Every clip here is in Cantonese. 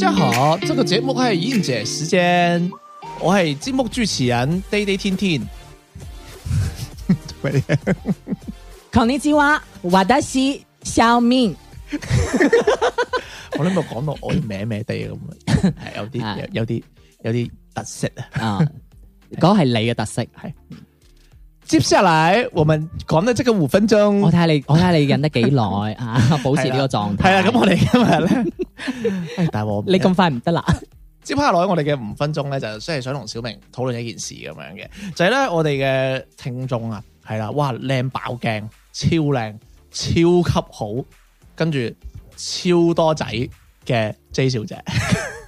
大家好，這個節目係賢者時間，我係節目主持人 Day Day 天天。講呢句話，話得是笑面什麼。 Konnichiwa, watashi、 我啱啱講到我咩咩哋咁，係、嗯、有啲有啲有啲特色啊！講 係、uh, 你嘅特色係。 接下來我們講得即個五分鐘，我睇下你，我睇下你忍得幾耐 啊，保持呢個狀態。係啦， 咁我哋今日咧，大、 哎、你咁快唔得啦。接下來我哋嘅五分鐘咧，就真、是、係想同小明討論一件事咁樣嘅，就係、是、咧我哋嘅聽眾啊，係啦，哇靚爆鏡，超靚，超級好，跟住超多仔嘅 J 小姐。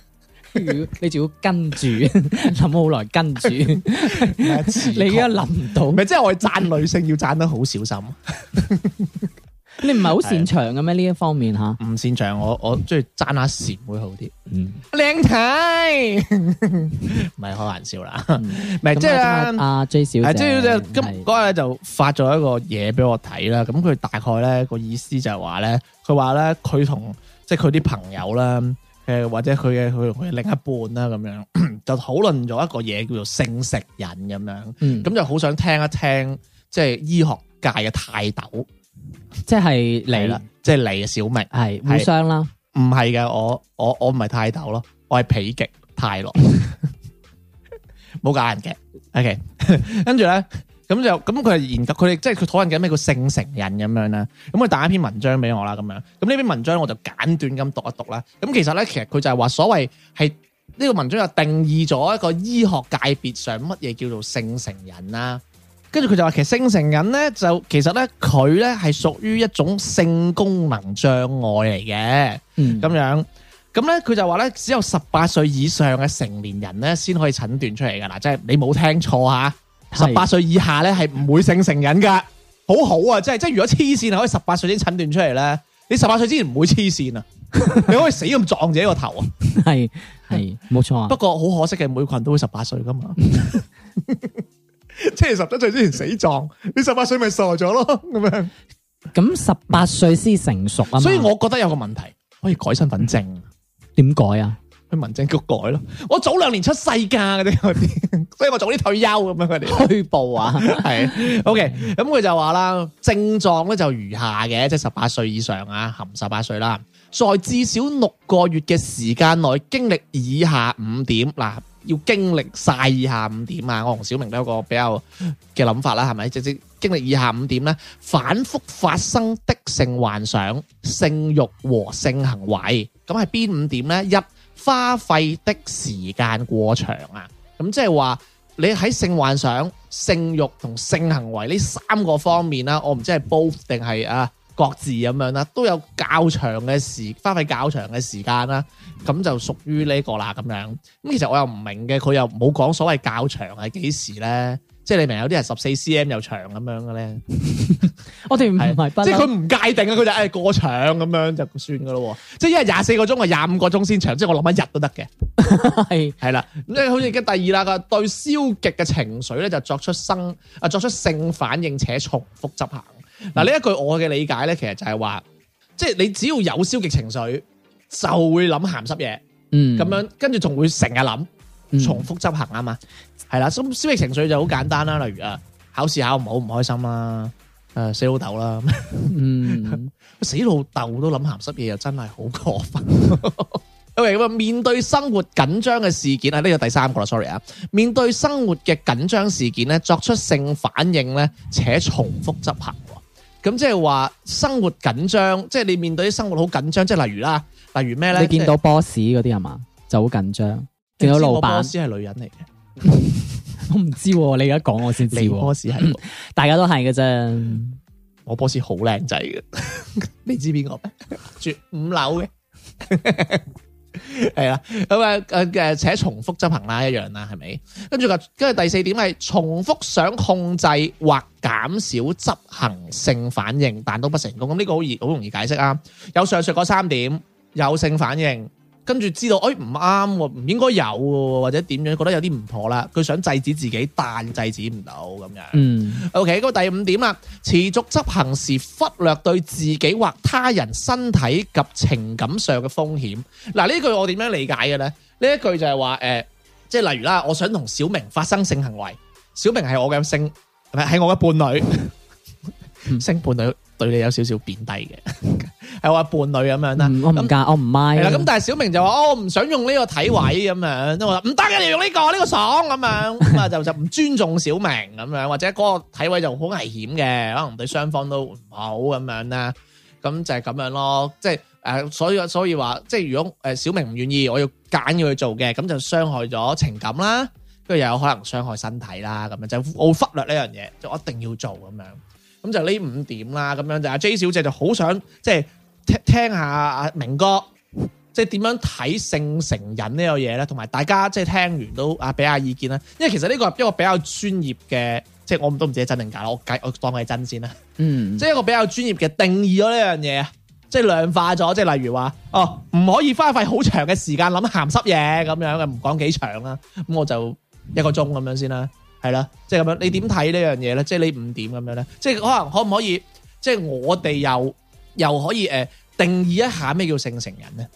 你仲要跟住諗好耐，跟住 你而家諗唔到，咪即係我係讚女性要讚得好小心。 你唔係好擅長嘅咩？呢是一方面吓，唔、啊、擅長我我中意讚下賢會好啲。嗯靚太，靚睇，唔係開玩笑啦，咪即係阿阿 J 小姐，J 小姐咁嗰日咧就發咗一個嘢俾我睇啦。咁佢大概咧、嗰個意思就係話咧，佢話咧佢同即係佢啲朋友啦。誒，或者佢嘅佢佢另一半啦咁樣， 就討論咗一個嘢叫做性食人咁樣，咁、嗯、就好想聽一聽，即、就、係、是、醫學界嘅泰斗，即係嚟啦，了嗯、即係嚟嘅小明，係是是互相啦，唔係嘅，我我我唔係泰斗咯，我係否極泰羅，冇 假 人嘅，OK，跟住咧。咁就咁佢係研究佢哋即係佢討論緊咩叫性成癮咁樣啦。咁佢打一篇文章俾我啦咁樣。咁呢篇文章我就簡短咁讀一讀啦。咁其實咧，其實佢就係話所謂係呢個文章就定義咗一個醫學界別上乜嘢叫做性成癮啦。跟住佢就話其實性成癮咧就其實咧佢咧係屬於一種性功能障礙嚟嘅，嗯，咁樣。咁咧佢就話咧只有十八歲以上嘅成年人咧先可以診斷出嚟噶嗱，即係你冇聽錯吓、啊。十八歲以下咧係唔會性成癮噶，好好啊！即係即係如果痴線可以十八歲先診斷出嚟咧，你十八歲之前唔會痴線啊！ 你可以死咁撞自己個頭啊！係係冇錯啊！錯，不過好可惜嘅，每個人都會十八歲噶嘛，即係十七歲之前死撞，你十八歲咪傻咗咯咁樣。咁十八歲先成熟啊， 所以我覺得有個問題可以改身份證，點、嗯、改啊？去民政局改咯。我早兩年出世噶，嗰啲 所以我早啲退休咁樣，佢哋退步啊，係 O.K. 咁、嗯、佢就話啦，症狀咧就如下嘅，即係十八歲以上啊，含十八歲啦，在至少六個月嘅時間內經歷以下五點嗱，要經歷晒以下五點啊。我同小明都有個比較嘅諗法啦，係咪直接經歷以下五點咧？反覆發生的性幻想、性欲和性行為，咁係邊五點咧？一花費的時間過長啊，咁即係話你喺性幻想、性欲同性行為呢三個方面啦，我唔知係 both 定係啊各自咁樣啦，都有較長嘅時花費較長嘅時間啦，咁就屬於呢個啦。咁樣咁其實我又唔明嘅，佢又冇講所謂較長係幾時咧，即係你明有啲人十四 cm 又長咁樣嘅咧。 我哋唔係，即係佢唔界定啊，佢就誒、是哎、過場，咁樣就算噶咯。即係一日廿四個鐘，係廿五個鐘先長。即係我諗一日都得嘅，係係啦。咁即係好似而家第二啦，個對消極嘅情緒咧就作出生啊，作出性反應且重複執行嗱。呢、嗯、一句我嘅理解咧，其實就係話，即係你只要有消極情緒就會諗咸濕嘢，嗯，咁樣跟住仲會成日諗重複執行啊嘛，係啦。咁、嗯、消極情緒就好簡單啦，例如試好好啊，考試考唔好唔開心啦。誒、呃，死老豆啦！ 嗯， 死老豆都諗鹹濕嘢，又真係好過分。ok 咁啊，面對生活緊張嘅事件啊，呢個第三個啦，sorry 啊，面對生活嘅緊張事件咧，作出性反應咧，且重複執行。咁即係話生活緊張，即係你面對啲生活好緊張，即係例如啦，例如咩咧？你見到 boss 嗰啲係嘛，就好緊張。見到老闆先係女人嚟嘅。 我唔知、啊，你而家講我先知、啊。你波士係，大家都係嘅啫。我波士好靚仔嘅， 你知邊個咩？ 住五樓嘅，係啦。咁啊，誒、嗯，且重複執行啦，一樣啦，係咪？跟住跟住第四點係重複想控制或減少執行性反應，但都不成功。咁呢個好易，好容易解釋啊。有上述嗰三點，有性反應。跟住知道，哎唔啱，唔、啊、應該有、啊，或者點樣覺得有啲唔妥啦。佢想制止自己，但制止唔到咁樣。嗯，OK，嗰個第五點啊，持續執行時忽略對自己或他人身體及情感上嘅風險。嗱，呢句我點樣理解嘅咧？呢一句就係話，誒、呃，即係例如啦，我想同小明發生性行為，小明係我嘅性，唔係，係我嘅伴侶。 唔識伴侶對你有少少貶低嘅，係話伴侶咁樣啦。我唔介，我唔 mind。係啦，咁但係小明就話，我唔想用呢個體位咁樣，因為我唔得嘅，你用呢個，呢個爽咁樣咁啊，就就唔尊重小明咁樣，或者嗰個體位就好危險嘅，可能對雙方都唔好咁樣啦。咁就係咁樣咯，即係誒，所以所以話，即係如果誒小明唔願意，我要揀要去做嘅，咁就傷害咗情感啦，跟住又有可能傷害身體啦，咁樣就我忽略呢樣嘢，就一定要做咁樣。咁就呢五點啦，咁樣就阿 J 小姐就好想即係聽聽下阿明哥即係點樣睇性成癮呢樣嘢咧，同埋大家即係聽完都啊俾下意見啦。因為其實呢個一個比較專業嘅，即係我唔都唔知真定假啦。我計我，我當係真先啦。嗯，即係一個比較專業嘅定義咗呢樣嘢啊，即係量化咗，即係例如話哦唔可以花費好長嘅時間諗鹹濕嘢咁樣嘅，唔講幾長啦。咁我就一個鐘咁樣先啦。係啦，即係咁樣，你、就是、你點睇呢樣嘢咧？即係呢五點咁樣咧，即係可能可唔可以，即係我哋又又可以誒、呃、定義一下咩叫性成人咧？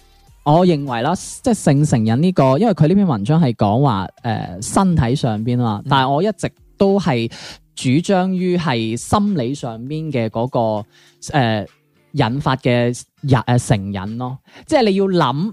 我認為啦，即係性成癮呢、這個，因為佢呢篇文章係講話誒身體上邊啦，但係我一直都係主張於係心理上邊嘅嗰個誒、呃、引發嘅人誒成癮咯，即係你要諗。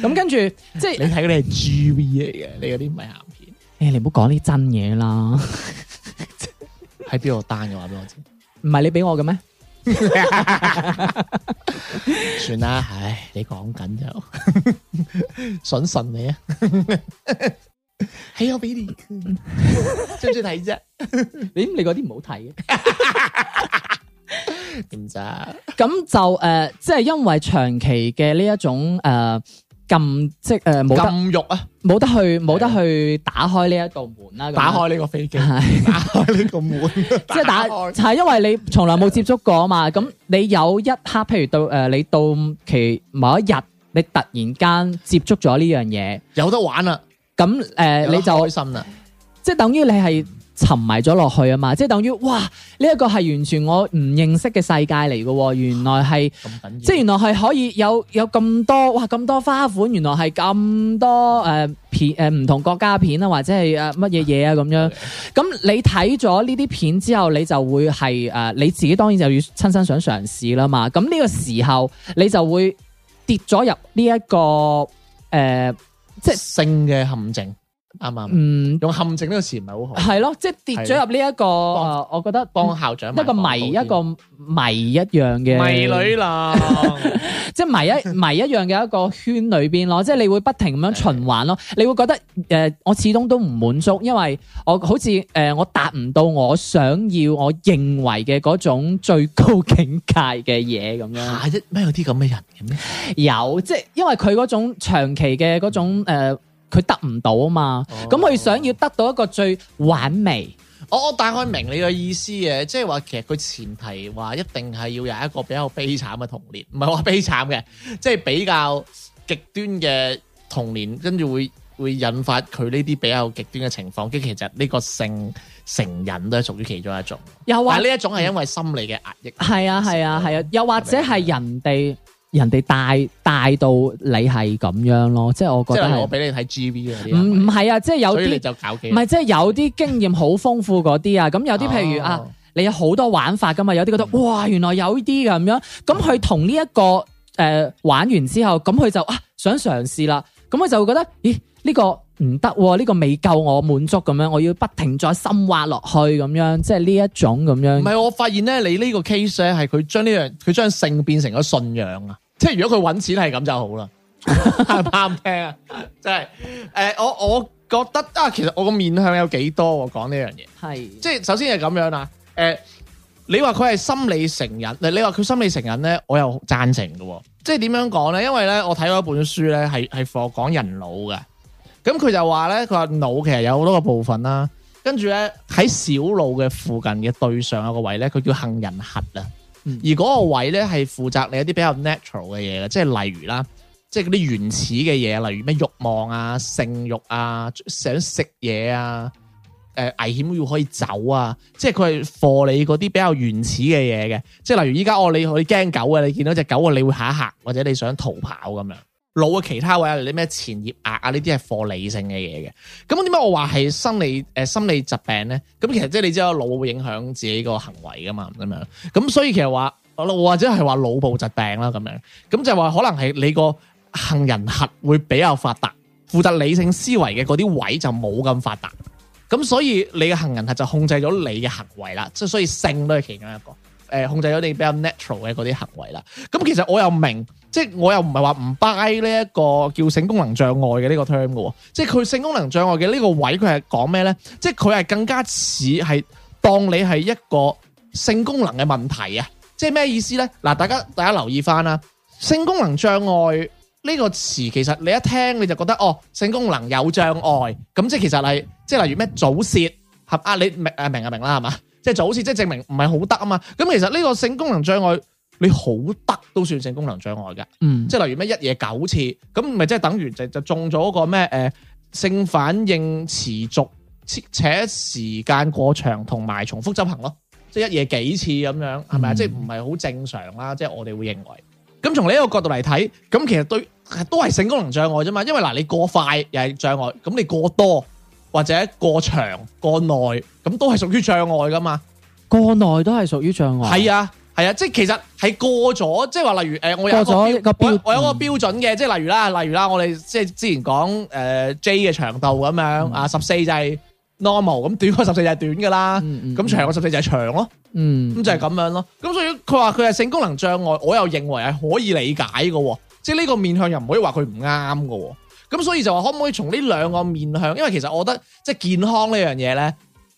咁、嗯、跟住，即、就、係、是、你睇嗰啲係 G V 嚟嘅，你嗰啲唔係鹹片。誒、欸，你唔好講啲真嘢啦。喺邊度單嘅話俾我知，唔係你俾我嘅咩？算啦，唉，你講緊就信神你啊？係 利、 hey, 我俾給你，中唔中意睇啫。 你你嗰啲唔好睇嘅。 點咋？咁就誒，即係因為長期嘅呢一種誒禁即誒冇禁欲啊，冇得去冇得去打開呢一道門啦，打開呢個飛機，打開呢個門，即係打係因為你從來冇接觸過啊嘛，咁你有一刻，譬如到誒你到其某一日，你突然間接觸咗呢樣嘢，有得玩啦，咁誒你就開心啦，即係等於你係。沉迷咗落去啊嘛，即係等於哇，呢一個係完全我唔認識嘅世界嚟嘅，原來係咁勁？即係原來係可以有有咁多哇咁多花款，原來係咁多誒、呃、片誒唔、呃、同國家片啊，或者係誒乜嘢嘢啊咁樣。咁 你睇咗呢啲片之後，你就會係誒、呃、你自己，當然就要親身想嘗試啦嘛。咁呢個時候你就會跌咗入呢、這、一個誒、呃、即係性嘅陷阱。啱唔？嗯，用陷阱呢個詞唔係好好。係咯，即係跌咗入呢一個誒，我覺得當校長一個迷，一個迷一樣嘅迷女啦。即係迷一迷一樣嘅一個圈裏邊咯，即係你會不停咁樣循環咯。你會覺得誒，我始終都唔滿足，因為我好似誒，我達唔到我想要、我認為嘅嗰種最高境界嘅嘢咁樣。吓！係咩有啲咁嘅人嘅咩？有，即係因為佢嗰種長期嘅嗰種誒。佢得唔到啊嘛，咁佢、哦、想要得到一個最完美。哦、我我大概明你嘅意思嘅，嗯、即係話其實佢前提話一定係要有一個比較悲慘嘅童年，唔係話悲慘嘅，即、就、係、是、比較極端嘅童年，跟住會會引發佢呢啲比較極端嘅情況。跟其實呢個性成癮都係屬於其中一種。又或呢一種係因為心理嘅壓抑。係啊係啊係啊，又、嗯、或者係人哋。人哋帶帶到你係咁樣咯，即係我覺得即係我俾你睇 G V 嗰啲，唔唔係啊，即係有啲，唔係即係有啲經驗好豐富嗰啲啊，咁有啲譬如啊， 你有好多玩法噶嘛，有啲覺得、嗯、哇，原來有啲咁樣，咁佢同呢一個誒、呃、玩完之後，咁佢就啊想嘗試啦，咁佢就會覺得咦呢、呢個。唔得，呢、這個未夠我滿足咁樣，我要不停再深挖落去咁樣，即係呢一種咁樣。唔係，我發現咧，你呢個 case 咧，係佢將呢樣佢將性變成咗信仰啊！即係如果佢搵錢係咁就好啦，啱唔聽啊！即係誒，我我覺得啊，其實我個面向有幾多我講呢樣嘢，係是即係首先係咁樣啦。誒、呃，你話佢係心理成人，你你話佢心理成人咧，我又贊成嘅。即係點樣講咧？因為咧，我睇過一本書咧，係係講人腦嘅。咁佢就話咧，佢話腦其實有好多個部分啦、啊，跟住咧喺小腦嘅附近嘅對上有個位咧，佢叫杏仁核啊。而嗰個位咧係負責你一啲比較 natural 嘅嘢嘅，即係例如啦，即係嗰啲原始嘅嘢，例如咩欲望啊、性欲啊、想食嘢啊、誒、呃、危險要可以走啊，即係佢係貨你嗰啲比較原始嘅嘢嘅，即係例如依家我你去驚狗啊，你見到隻狗啊，你會吓一吓，或者你想逃跑咁樣。腦嘅其他位，例如啲咩前額葉啊，呢啲係貨理性嘅嘢嘅。咁點解我話係心理誒、呃、心理疾病咧？咁其實即係你知道腦會影響自己個行為噶嘛咁樣。咁所以其實話或者係話腦部疾病啦咁樣。咁就話可能係你個杏仁核會比較發達，負責理性思維嘅嗰啲位就冇咁發達。咁所以你嘅杏仁核就控制咗你嘅行為啦。即係所以性都係其中一個。誒控制咗你比較 natural 嘅嗰啲行為啦，咁其實我又明，即係我又唔係話唔 buy 呢一個叫性功能障礙嘅呢個 term 嘅喎，即係佢性功能障礙嘅呢個位佢係講咩咧？即係佢係更加似係當你係一個性功能嘅問題啊。即係咩意思咧？嗱，大家大家留意返啦，性功能障礙呢個詞其實你一聽你就覺得哦，性功能有障礙，咁即係其實係即係例如咩早泄合啊，你明誒明啊明啦，係嘛？即係就好似即係證明唔係好得啊嘛，咁其實呢個性功能障礙你好得都算性功能障礙嘅，嗯，即係例如咩一夜九次，咁咪即係等於就就中咗個咩誒性反應持續且時間過長同埋重複執行咯，即係一夜幾次咁樣，係咪啊？即係唔係好正常啦？即係我哋會認為，咁從呢一個角度嚟睇，咁其實對都係性功能障礙啫嘛，因為嗱你過快又係障礙，咁你過多。或者過長過耐咁都係屬於障礙噶嘛？過耐都係屬於障礙。係啊，係啊，即係其實係過咗，即係話例如誒、呃，我有個標，個標我有個標準嘅，即係例如啦，例如啦，我哋即係之前講誒、呃、J 嘅長度咁樣啊，十四，嗯、就係 normal，咁短過十四就係短噶啦，咁、嗯嗯、長過十四就係長咯。嗯，嗯，咁就係咁樣咯。咁所以佢話佢係性功能障礙，我又認為係可以理解嘅，即係呢個面向又唔可以話佢唔啱嘅。咁所以就話可唔可以從呢兩個面向，因為其實我覺得即係健康呢樣嘢咧，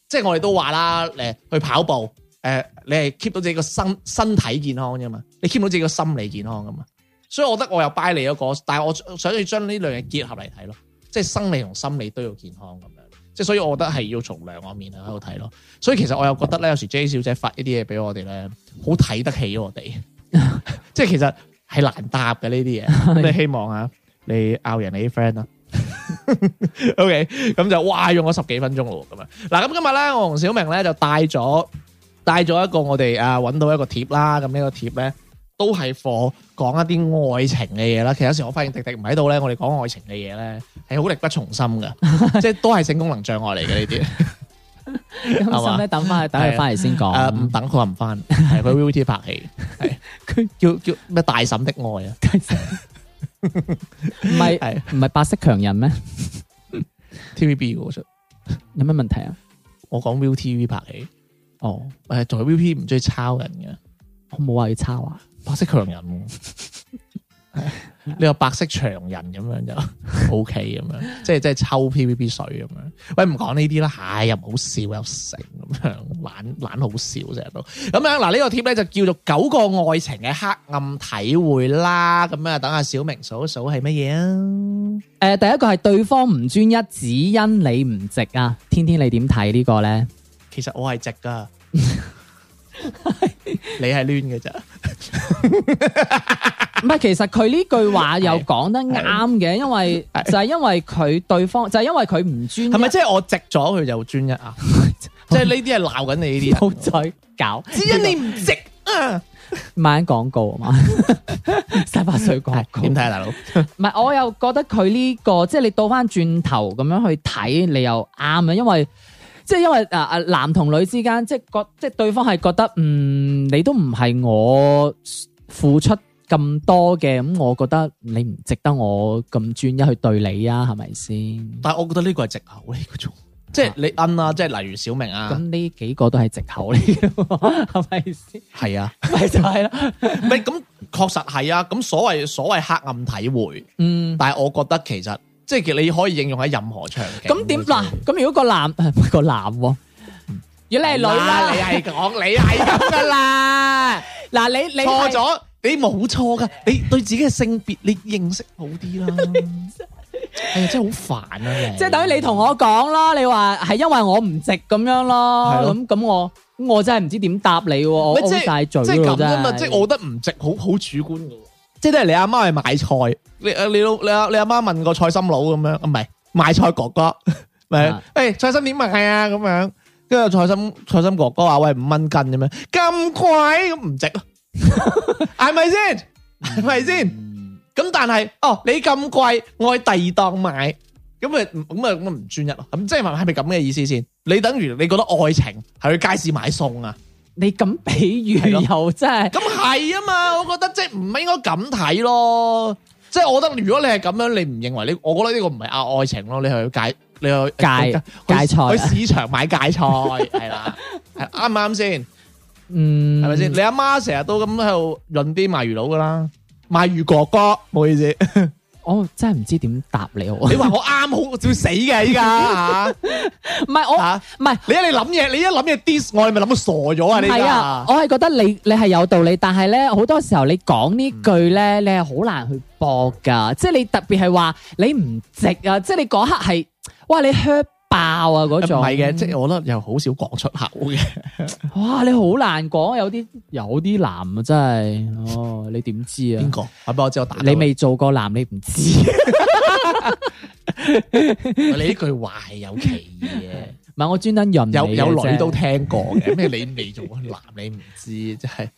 即係我哋都話啦，誒，去跑步，誒、呃，你係 keep 到自己個身身體健康啫嘛，你 keep 到自己個心理健康噶嘛，所以我覺得我又拜你一、那個，但係我想要將呢兩樣結合嚟睇咯，即係生理同心理都要健康咁樣，即係所以我覺得係要從兩個面向喺度睇咯。所以其實我又覺得咧，有時 J 小姐發一啲嘢俾我哋咧，好睇得起我哋，即係 其實係難答嘅呢啲嘢，我希望啊。你拗人你啲 friend 啦 ，OK，咁就哇用咗十幾分鐘咯，咁啊，嗱咁今日咧，我同小明咧就帶咗帶咗一個我哋啊揾到一個貼啦，咁、啊嗯這個、呢個貼咧都係課講一啲愛情嘅嘢啦。其實有時我發現迪迪唔喺度咧，我哋講愛情嘅嘢咧係好力不從心嘅，即係都係性功能障礙嚟嘅呢啲。係、 嗯、等翻去 等佢翻嚟先講。誒、 啊，唔、呃啊、等佢唔翻，係去 ViuTV 拍戲，係佢 叫叫咩大嬸的愛啊。 唔係，唔係 白色強人咩？TVB 嘅，有咩問題啊？我講 ViuTV 拍戲，哦，誒，仲有 ViuTV 唔中意抄人嘅，我冇話要抄啊，白色強人。 呢個白色長人咁樣就 O K 咁樣， okay, 即係即係抽 P V P 水咁樣。喂，唔講呢啲啦，唉，又唔好笑又成咁樣，懶懶好笑成日都咁樣。嗱，呢個貼咧就叫做九個愛情嘅黑暗體會啦。咁啊，等下小明數一數係乜嘢啊？誒、呃，第一個係對方唔專一，只因你唔值啊！天天你點睇呢個咧？其實我係值噶，你係亂嘅咋？唔係，其實佢呢句話又講得啱嘅，因為就係因為佢對方就係、是、因為佢唔專一，係咪即係我直咗佢就專一啊？即係呢啲係鬧緊你呢啲，再搞，只因你唔值、這個、啊！賣廣告啊嘛，沙巴水廣告。點睇的 啊，大佬？唔係， 我又覺得佢呢、這個即係、就是、你倒翻轉頭咁樣去睇，你又啱啊，因為。即係因為誒誒男同女之間，即係覺即係對方係覺得嗯，你都唔係我付出咁多嘅，咁我覺得你唔值得我咁專一去對你啊，係咪先？但係我覺得呢個係藉口嚟個種，即係你恩啦、啊，即係例如小明啊，咁呢、啊、幾個都係藉口嚟嘅，係咪先？係啊，咪 就係是啦了，咪咁確實係啊，咁所謂所謂黑暗體會，嗯，但係我覺得其實。即係你可以應用喺任何場景。咁點嗱？咁如果個男個男，如果你係女啦，你係講你係咁噶啦。嗱，你你錯咗，你冇錯噶，你對自己嘅性別你認識好啲啦。哎呀，真係好煩啊！即係等於你同我講咯，你話係因為我唔值咁樣咯。咁咁我我真係唔知點答你。我烏晒嘴啦，即係咁啊嘛！即係我覺得唔值，好好主觀噶。即係你阿媽嚟買菜，你阿你老你阿你阿媽問個菜心佬咁樣，唔係買菜哥哥，咪 誒是、 哎、菜心點啊咁樣，跟住，菜心菜心哥哥話喂，五蚊斤咁樣，咁貴咁唔值咯，係咪先？係咪先？咁 但係哦，你咁貴，我去第二檔買，咁咪咁咪咁唔專一咯？咁即係話係咪咁嘅意思先？你等於你覺得愛情係去街市買餸啊？你咁比喻咯，又真係咁係啊嘛，我覺得即係唔應該咁睇咯，即係我覺得如果你係咁樣，你唔認為你，我覺得呢個唔係啊愛情咯，你去芥，你去芥芥戒菜去，戒菜去市場買芥菜，係啦， 係啱唔啱先？嗯，係咪先？你阿媽成日都咁喺度潤啲賣魚佬噶啦，賣魚哥哥，冇意思。 我真係唔知點答你我，你話我啱，好我最死嘅依家嚇，唔係我唔係你一你諗嘢，你一諗嘢 dis 我，你咪諗到傻咗啊！依家，我係覺得你你係有道理，但係咧好多時候你講呢句咧，你係好難去播噶，即係你特別係話你唔值啊！即係你嗰刻係，哇你 hurt 爆啊，嗰種唔係嘅，即係我覺得又好少講出口嘅。 哇，你好難講，有啲有啲男啊，真係哦，你點知啊？邊個、啊？我俾我知我打。你未做過男，你唔知。 你呢句話係有歧義嘅。唔係，我專登人有有女都聽過嘅咩？你未做 男你，你唔知，真即係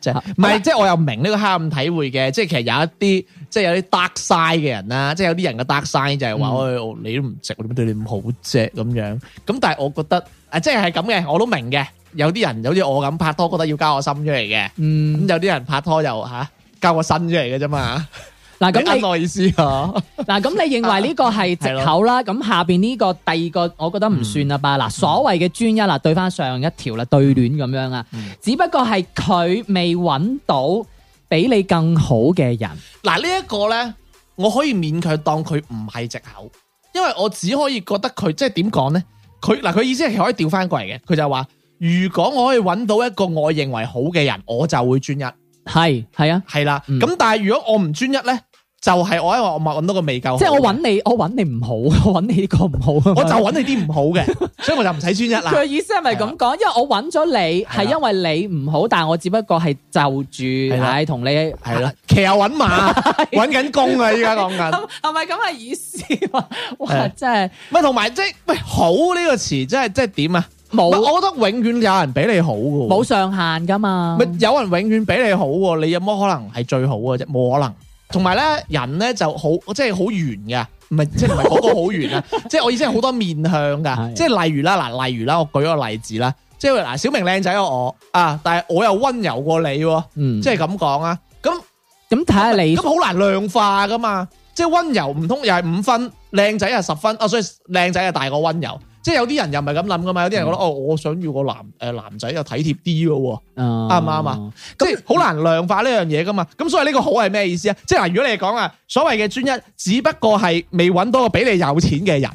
即係，唔係即係，我又明呢個黑暗體會嘅，即係其實有一啲即係有啲得晒嘅人啦，即係有啲人嘅得晒就係話我你都唔值，我點解對你咁好啫？咁樣咁，但係我覺得誒，即係係咁嘅，我都明嘅。有啲人有似我咁拍拖，覺得要交個心出嚟嘅，嗯，咁有啲人拍拖又吓交個身出嚟嘅啫嘛。 嗱咁你我意思啊，嗱咁你認為呢個係借口啦，咁、啊、下邊呢個第二個，我覺得唔算啦吧。嗱、嗯，所謂嘅專一啦，對翻上，上一條啦，對亂咁樣啊，嗯、只不過係佢未揾到比你更好嘅人。嗱、啊這個、呢一個咧，我可以勉強當佢唔係借口，因為我只可以覺得佢即係點講咧，佢嗱佢意思係可以調翻過嚟嘅。佢就話如果我可以揾到一個我認為好嘅人，我就會專一。係係啊，係啦、啊。咁、嗯、但係如果我唔專一咧，就係、是、我喺我咪揾到個未夠。即係我揾你，我揾你唔好，我揾你呢個唔好，我就揾你啲唔好嘅，所以我就唔使專一啦。佢 意思係咪咁講？啊、因為我揾咗你，係因為你唔好，但係我只不過係就住係同、啊啊、你係啦，騎下揾馬，揾緊 工啊！依家講緊係咪咁嘅意思？ 哇！啊、真係喂同埋即係喂好呢個詞，即係即係點啊？冇，我覺得永遠有人比你好嘅，冇上限噶嘛。咪有人永遠比你好，你有冇可能係最好嘅啫？冇可能。同埋咧，人咧就好，即係好圓噶，唔係即係唔係嗰個好圓啊？即係 我意思係好多面向噶，即係的例如啦，嗱，例如啦，我舉個例子啦，即係嗱，小明靚仔啊我啊，但係我又溫柔過你，即係咁講啊。咁咁睇下你，咁好難量化噶嘛？即係溫柔唔通又係五分，靚仔係十分啊，所以靚仔係大過溫柔。即係有啲人又唔係咁諗噶嘛，有啲人覺得哦、嗯，我想要個男誒、呃、男仔又體貼啲嘅，啱唔啱啊？吧即係好難量化呢樣嘢噶嘛，咁所以呢個好係咩意思啊？即係嗱，如果你講啊，所謂嘅專一，只不過係未揾到個比你有錢嘅人，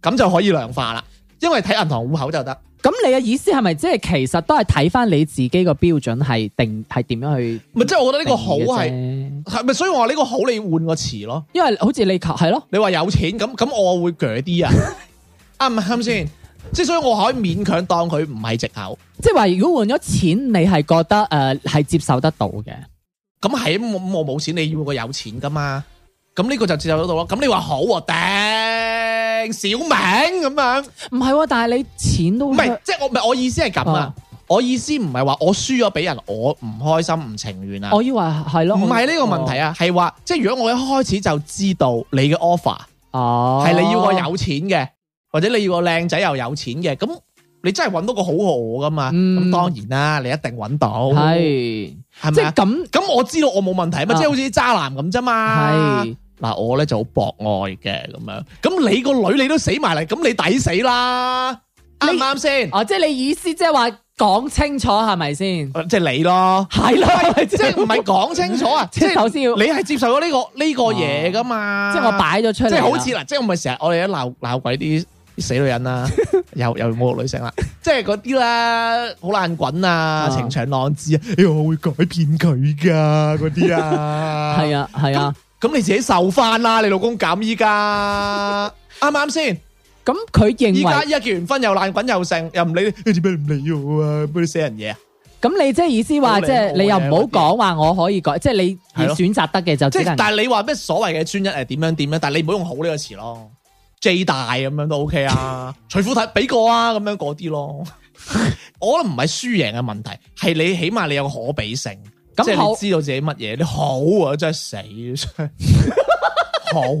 咁就可以量化啦。因為睇銀行戶口就得。咁你嘅意思係咪即係其實都係睇翻你自己個標準係定係點樣去？咪即係我覺得呢個好係係咪？所以我話呢個好你換個詞咯，因為好似你係咯，你話有錢咁咁我會鋸啲啊。 啊，唔係啱先，即係所以我可以勉強當佢唔係借口，即係話如果換咗錢，你係覺得誒係、呃、接受得到嘅。咁係，我冇錢，你要我有錢噶嘛？咁呢個就接受得到咯。咁你話好、啊，頂小明咁樣，唔係、哦，但係你錢都唔係，即係我唔係我意思係咁啊。我意思唔係話我輸咗俾人，我唔開心唔情願啊。我以為係咯，唔係呢個問題啊，係話我即係如果我一開始就知道你嘅 offer，係、哦、你要我有錢嘅。或者你要個靚仔又有錢嘅，咁你真係搵到個好我噶嘛？咁當然啦，你一定搵到，係係咪啊？咁咁我知道我冇問題嘛，即係好似渣男咁啫嘛。係嗱，我咧就好博愛嘅，咁樣。咁你個女你都死埋嚟，咁你抵死啦？啱唔啱先？哦，即係你意思即係話講清楚係咪先？即係你咯，係啦，即係唔係講清楚啊？即係頭先你係接受咗呢個呢個嘢噶嘛？即係我擺咗出嚟，即係好似嗱，即係我咪成日我哋一鬧鬧鬼啲。死女人啦，又又侮辱女性啦，即係嗰啲啦，好爛滾啊，情長浪子啊，哎呀，我會改變佢噶嗰啲啊，係啊係啊，咁你自己受翻啦，你老公咁依家啱啱先？咁佢認為依家一結完婚又爛滾又剩，又唔理，點解唔理我啊？不如死人嘢。咁你即係意思話，即係你又唔好講話，我可以改，即係你你選擇得嘅就即但係你話咩所謂嘅專一係點樣點樣？但係你唔好用好呢個詞咯。最大咁樣都 OK 啊，除 富睇俾過啊，咁樣嗰啲咯， 我諗唔係輸贏嘅問題，係你起碼你有可比性，嗯、即係你知道自己乜嘢。嗯、你好啊，真係死，死啊！好 ，咁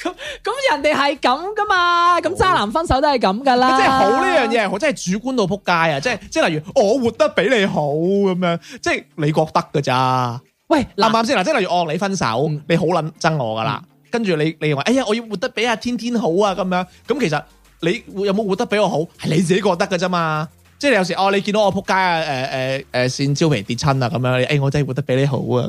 咁人哋係咁噶嘛，咁渣男分手都係咁噶啦，即係好呢樣嘢，我、嗯就是、真係主觀到撲街啊，即係即係例如我活得比你好咁樣，即係你覺得噶咋？喂，諗下先嗱，即係例如我你分手，你好撚憎我噶啦、嗯。嗯 跟住你，你話哎呀，我要活得比阿天天好啊，咁樣咁其實你有冇活得比我好？係你自己覺得嘅啫嘛，即係你有時哦，你見到我仆街啊，誒誒誒，扇蕉皮跌親啊，咁樣誒，我真係活得比你好啊，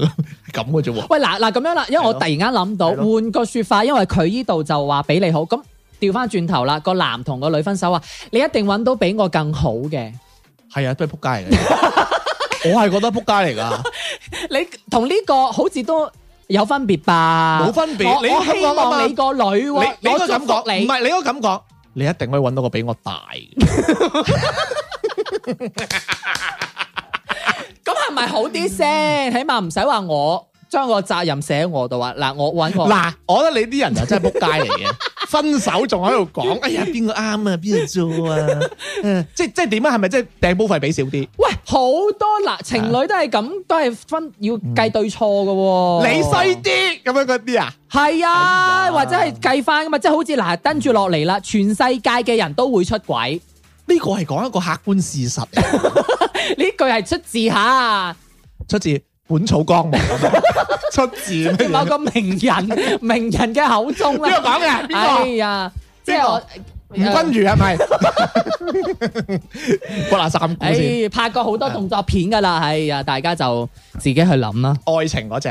咁嘅啫喎。喂，嗱嗱咁樣啦，因為我突然間諗到換個說法，因為佢呢度就話比你好，咁調翻轉頭啦，個男同個女分手啊，你一定揾到比我更好嘅。係啊，都係仆街嚟嘅，我係覺得仆街嚟噶，你同呢個好似都。有分別吧？冇分別。我，你這我希望你，你個女你，你你個感覺，唔係你個感覺，你一定可以揾到個比我大嘅。咁係咪好啲先？起碼唔使話我將個責任寫喺我度啊！嗱，啊，我揾個嗱，我覺得你啲人啊真係扑街嚟嘅。 分手仲喺度講，哦嗯啊、哎呀，邊個啱啊，邊度做啊？即係即係點樣？係咪即係訂報費俾少啲？喂，好多嗱，情侶都係咁，都係分要計對錯噶。你衰啲咁樣嗰啲啊？係啊，或者係計翻噶嘛？即係好似嗱，跟住落嚟啦，全世界嘅人都會出軌。呢個係講一個客觀事實。呢 句係出自下，出自？本草綱目出自某個名人，名人嘅口中啦。邊個講嘅？邊個？哎呀，即係我吳君如係咪？郭南 三，哎，拍過好多動作片噶啦。哎呀，大家就自己去諗啦。愛情嗰隻，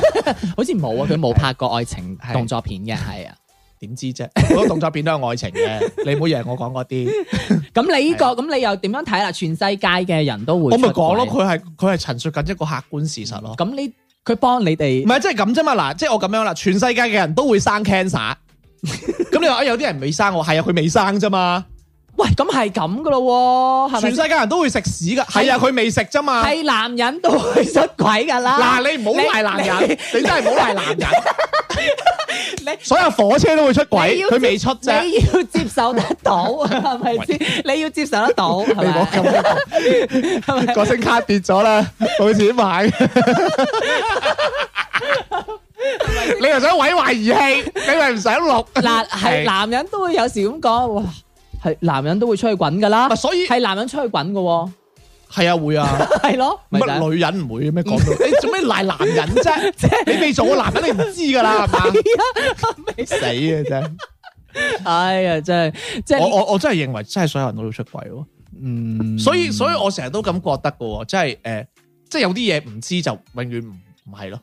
好似冇啊，佢冇拍過愛情動作片嘅，係啊是的。 點知啫？嗰個動作片都係愛情嘅，你唔好以為我講嗰啲。咁你呢個咁你又點樣睇啦？全世界嘅人都會，我咪講咯，佢係佢係陳述緊一個客觀事實咯。咁你佢幫你哋？唔係，即係咁啫嘛。嗱，即係我咁樣啦。全世界嘅人都會生 cancer。咁你話啊，有啲人未生，我係啊，佢未生啫嘛。喂，咁係咁噶咯？係咪？全世界人都會食屎噶？係啊，佢未食啫嘛。係男人都會出軌噶啦。嗱，你唔好賴男人，你真係唔好賴男人。你所有火車都會出軌，佢未出啫。你要接受得到係咪先？是，是你要接受得到係咪？咁， 個星卡跌咗 啦，冇錢買。你又想毀壞儀器？你咪唔想錄？嗱，係男人都會有時咁講。哇，係男人都會出去滾噶啦。所以係男人出去滾噶。係啊，會啊，係咯、 啊，乜女人唔會咩講到？ 你做咩賴男人啫？你未做過男人， 就是、你唔知噶啦，係嘛、 啊？死嘅啫，哎呀， 真係，即係我我我真係認為，真係所有人都會出軌。嗯，所以、嗯、所以，所以我成日都咁覺得噶，即係誒，即、呃、係、就是、有啲嘢唔知就永遠唔唔係咯，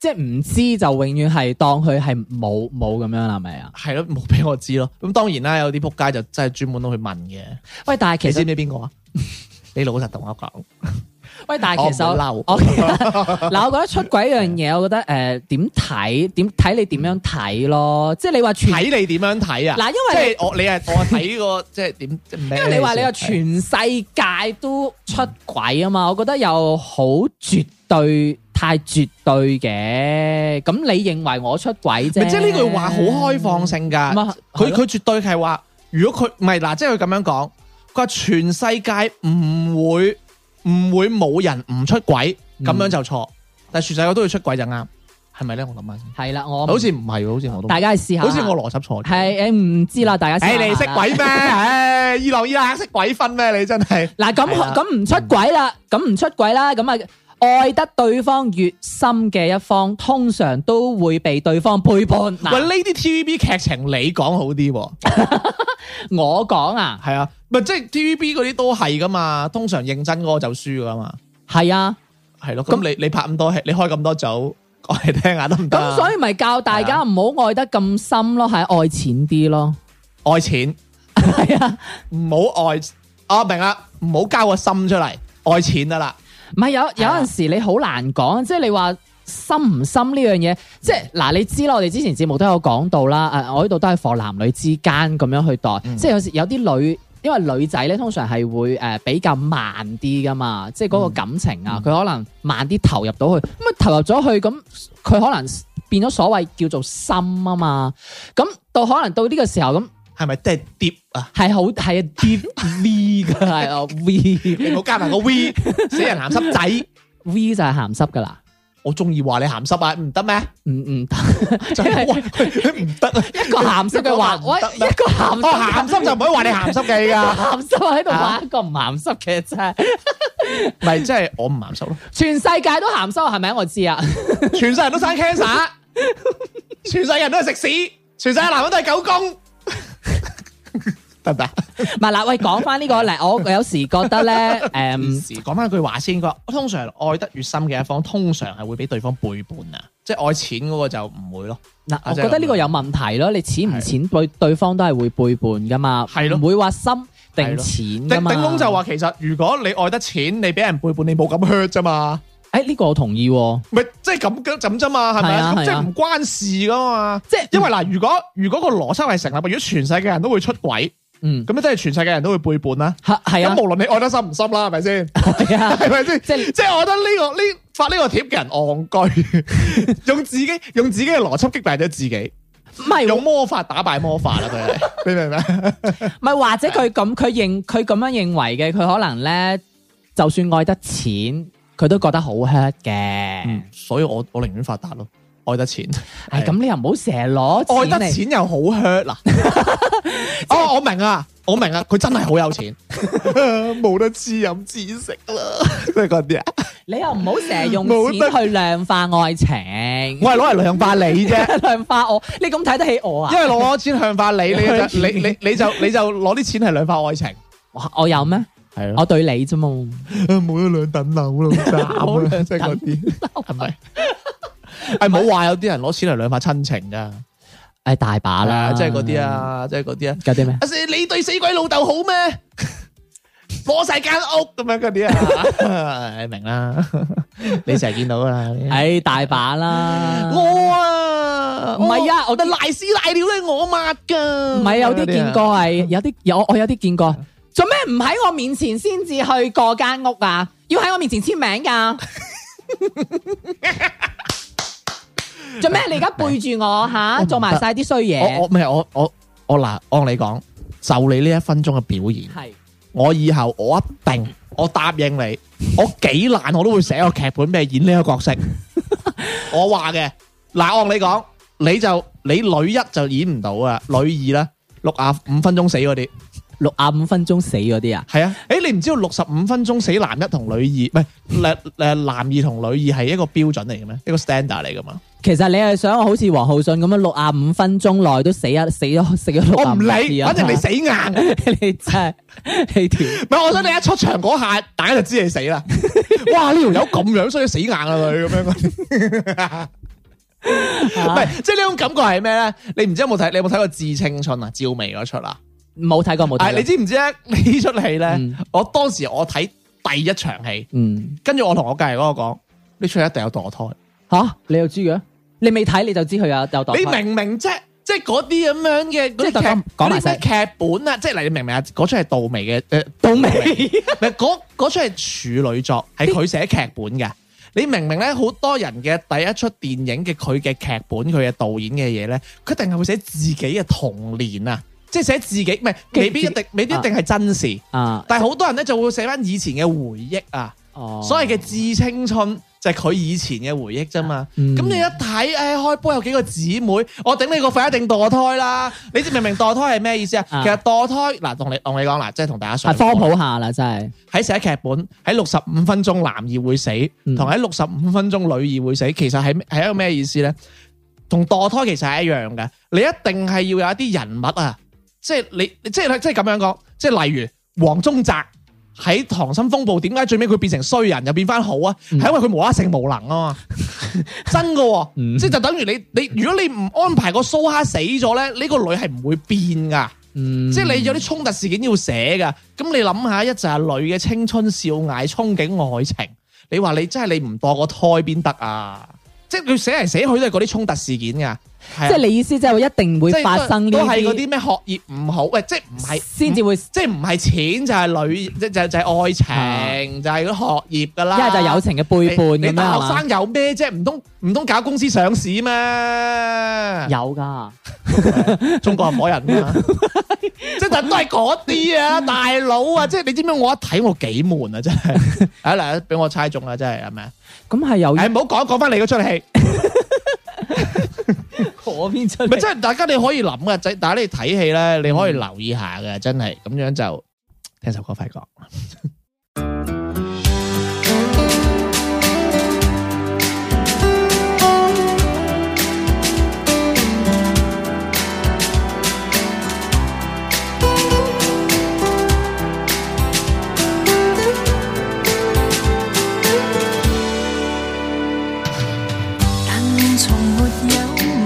即係唔知就永遠係當佢係冇冇咁樣啦，係咪啊？係咯，冇俾我知咯。咁當然啦，有啲仆街就真係專門都去問嘅。喂，但係其實你知唔知邊個啊？ 你老實同我講， 喂！但係其實我嗱，我， 我覺得出軌一樣嘢， 我覺得誒，點、呃、睇？點睇你點樣睇咯？即、就、係、是、你話睇你點樣睇啊？嗱、啊，因為我你係我睇個 即係點？因為你話 你話全世界都出軌啊嘛？嗯、我覺得又好絕對，太絕對嘅。咁你認為我出軌啫？即係呢句話好開放性噶？佢佢、嗯、絕對係話，如果佢唔係嗱，即係佢咁樣講。佢全世界唔會唔會冇人唔出軌，咁樣就錯。嗯、但全世界都要出軌就啱，係咪咧？我諗下先。係啦，我好似唔係，好似我都大家試下。好似我邏輯錯。係誒，唔知啦，大家試試。 哎，你識鬼咩？哎，二郎伊啦，識鬼分咩？你真係。嗱，咁咁唔出軌啦，咁唔的出軌啦，咁啊、嗯。愛得對方越深嘅一方，通常都會被對方背叛。喂、呃，呢啲 TVB 劇情你講好啲，我講啊，係 啊，咪即係 TVB 嗰啲都係噶嘛，通常認真嗰個就輸噶嘛。係 啊，係咯、啊，咁你你拍咁多戲，你開咁多酒，e, 我係聽下都唔得？咁 所以咪教大家唔好愛得咁深咯，係、就是、愛淺啲咯，愛淺係啊，唔好愛，oh, 我明啦，唔好交個心出嚟，愛淺得啦。唔係有有陣時你好難講、啊，即係你話深唔深呢樣嘢，即係嗱你知啦，我哋之前節目都有講到啦，誒我呢度都係放男女之間咁樣去代，嗯、即係有時有啲女，因為女仔咧通常係會誒比較慢啲噶嘛，即係嗰個感情啊，佢、嗯、可能慢啲投入到去，咁啊投入咗去，咁佢可能變咗所謂叫做深啊嘛，咁到可能到呢個時候咁。係咪都係碟啊？係好係啊，碟 V 噶係咯，V 你好加埋個 V，死人鹹濕仔，V 就係鹹濕噶啦。我中意話你鹹濕啊，唔得咩？唔唔得，就係唔得啊！一個鹹濕嘅話，一個鹹哦鹹濕就唔可以話你鹹濕嘅㗎，鹹濕喺度話一個唔鹹濕嘅啫。係，咪即係我唔鹹濕咯？全世界都鹹濕係咪？我知啊，全世界都生 cancer，全世界人都係食屎，全世界男人都係狗公。得唔得？唔係嗱，喂，講翻呢個，嗱， 我有時覺得咧，誒，講翻一句話先，佢通常愛得越深嘅一方，通常係會俾對方背叛、嗯、方啊，即係愛淺嗰個就唔會咯。嗱，我覺得呢個有問題咯，你淺唔淺對對方都係會背叛噶嘛，係咯的，唔會話深定淺。定。頂籠就話，其實如果你愛得淺，你俾人背叛，你冇咁 hurt 啫嘛。喺呢個我同意，唔係即係咁咁咁啫嘛，係咪啊？即係唔關事噶嘛，即係因為嗱，如果如果個邏輯係成立，如果全世界人都會出軌，嗯，咁樣即係全世界人都會背叛啦。吓係咁，無論你愛得深唔深啦，係咪先？係咪先？即係我覺得呢個呢發呢個貼嘅人戇居，用自己用自己嘅邏輯擊敗咗自己，唔係用魔法打敗魔法啦，佢你明唔明？唔係或者佢咁佢認佢咁樣認為嘅，佢可能咧就算愛得淺。佢都覺得好 hurt 嘅、嗯，所以我我寧願發達咯，愛得錢。係咁，你又唔好成日攞錢，愛得錢又好 hurt 嗱。 即係、哦，我明啊，我明啊，佢真係好有錢，冇 得黐飲黐食啦。即係啲啊，你，你又唔好成日用錢去量化愛情。我係攞嚟量化你啫， 量化我。你咁睇得起我啊？因為攞錢 量化你，你你你就你就攞啲錢係量化愛情。 我有咩？係咯，我對你啫嘛，冇咗兩等樓咯，冇兩等樓係咪？誒，冇話有啲人攞錢嚟兩份親情噶，誒，大把啦，即係嗰啲啊，即係嗰啲啊，嗰啲咩？你對死鬼老豆好咩？攞晒間屋咁樣嗰啲啊，你明啦，你成日見到啦，誒，大把啦，我啊，唔係啊，我啲瀨屎瀨尿咧，我抹噶，唔係有啲見過係，有啲有我有啲見過。做咩唔喺我面前先至去過間屋啊？要喺我面前簽名噶？ 啊、做咩？你而家背住我吓，做埋晒啲衰嘢。我我唔係我我我嗱，我同你講，就你呢一分鐘嘅表現，係是我以後我一定我答應你，我幾難我都會寫個劇本俾你演呢個角色。 我話嘅嗱，我同你講，你就你女一就演唔到啊，女二咧六啊五分鐘死嗰啲。六十五分鐘死嗰啲啊？係啊！誒，你唔知道六十五分鐘死男一同女二，唔係誒誒，男二同女二係一個標準嚟嘅咩？一個 standard 嚟噶嘛？其實你係想好似王浩信咁樣,樣，六十五分鐘內都死啊，死咗死咗我唔理，反正你死硬 你，你真係氣條。唔係，我想你一出場嗰下，大家就知你死啦。哇！呢條友咁樣所以死硬啊佢咁樣。唔 係，即係呢種感覺係咩咧？你唔知有冇睇？你有冇睇過《致青春》啊？《趙薇》嗰出啊？冇睇過，冇睇、啊。你知唔知咧？戲呢出戲咧，嗯、我當時我睇第一場戲，嗯、我跟住我同我隔籬嗰個講，呢出戲一定有墮胎吓、啊？你又知嘅？你未睇你就知佢有有墮胎？你明明即即嗰啲咁樣嘅嗰啲劇，講埋晒劇本啊！即係你明明嗰出係杜微嘅，誒，都未唔係嗰出係處女作，係佢寫劇本嘅。你明明咧，好多人嘅第一出電影嘅佢嘅劇本，佢嘅導演嘅嘢咧，佢一定係會寫自己嘅童年啊！即係寫自己，唔係未必一定，未必一定係真事。但係好多人咧就會寫翻以前嘅回憶啊，所謂嘅致青春就係佢以前嘅回憶啫嘛。咁你一睇誒，開波有幾個姊妹，我頂你個肺一定墮胎啦！你知明明墮胎係咩意思啊？其實墮胎嗱，同你同你講啦，即係同大家科普下啦，真係喺寫劇本喺六十五分鐘男二會死，同喺六十五分鐘女二會死，其實係係一個咩意思咧？同墮胎其實係一樣嘅，你一定係要有一啲人物啊。即係你，你即係即係咁樣講，即係例如黃宗澤喺《溏心風暴》，點解最尾佢變成衰人又變翻好啊？係、嗯、因為佢無德性無能啊嘛， 真噶、哦，嗯、即係就等於你你如果你唔安排個蘇蝦死咗咧，呢個女係唔會變噶，嗯、即係你有啲衝突事件要寫噶，咁你諗下，一就係女嘅青春少艾憧憬愛情，你話你真係你唔墮個胎邊得啊？即係佢寫嚟寫去都係嗰啲衝突事件噶，即係你意思即係一定會發生呢啲，都係嗰啲咩學業唔好，喂會、嗯，即係唔係先至會，即係唔係錢就係、是、女，即係就係、是就是、愛情，嗯、就係嗰學業噶啦，一係就友情嘅背叛，你大學生有咩啫？唔通唔通搞公司上市咩？有噶 的， 中國唔好人啊。 即係 都係嗰啲啊， 大佬啊，即係你知唔知我一睇我幾悶啊，真係啊嗱，俾、 哎、我猜中啦，真係係咪啊？咁係有，係唔好講，講翻你嗰出戲，嗰 邊 出真係即係大家你可以諗啊，即係但係你睇戲咧，你可以留意下噶，真係咁樣就聽首歌快講。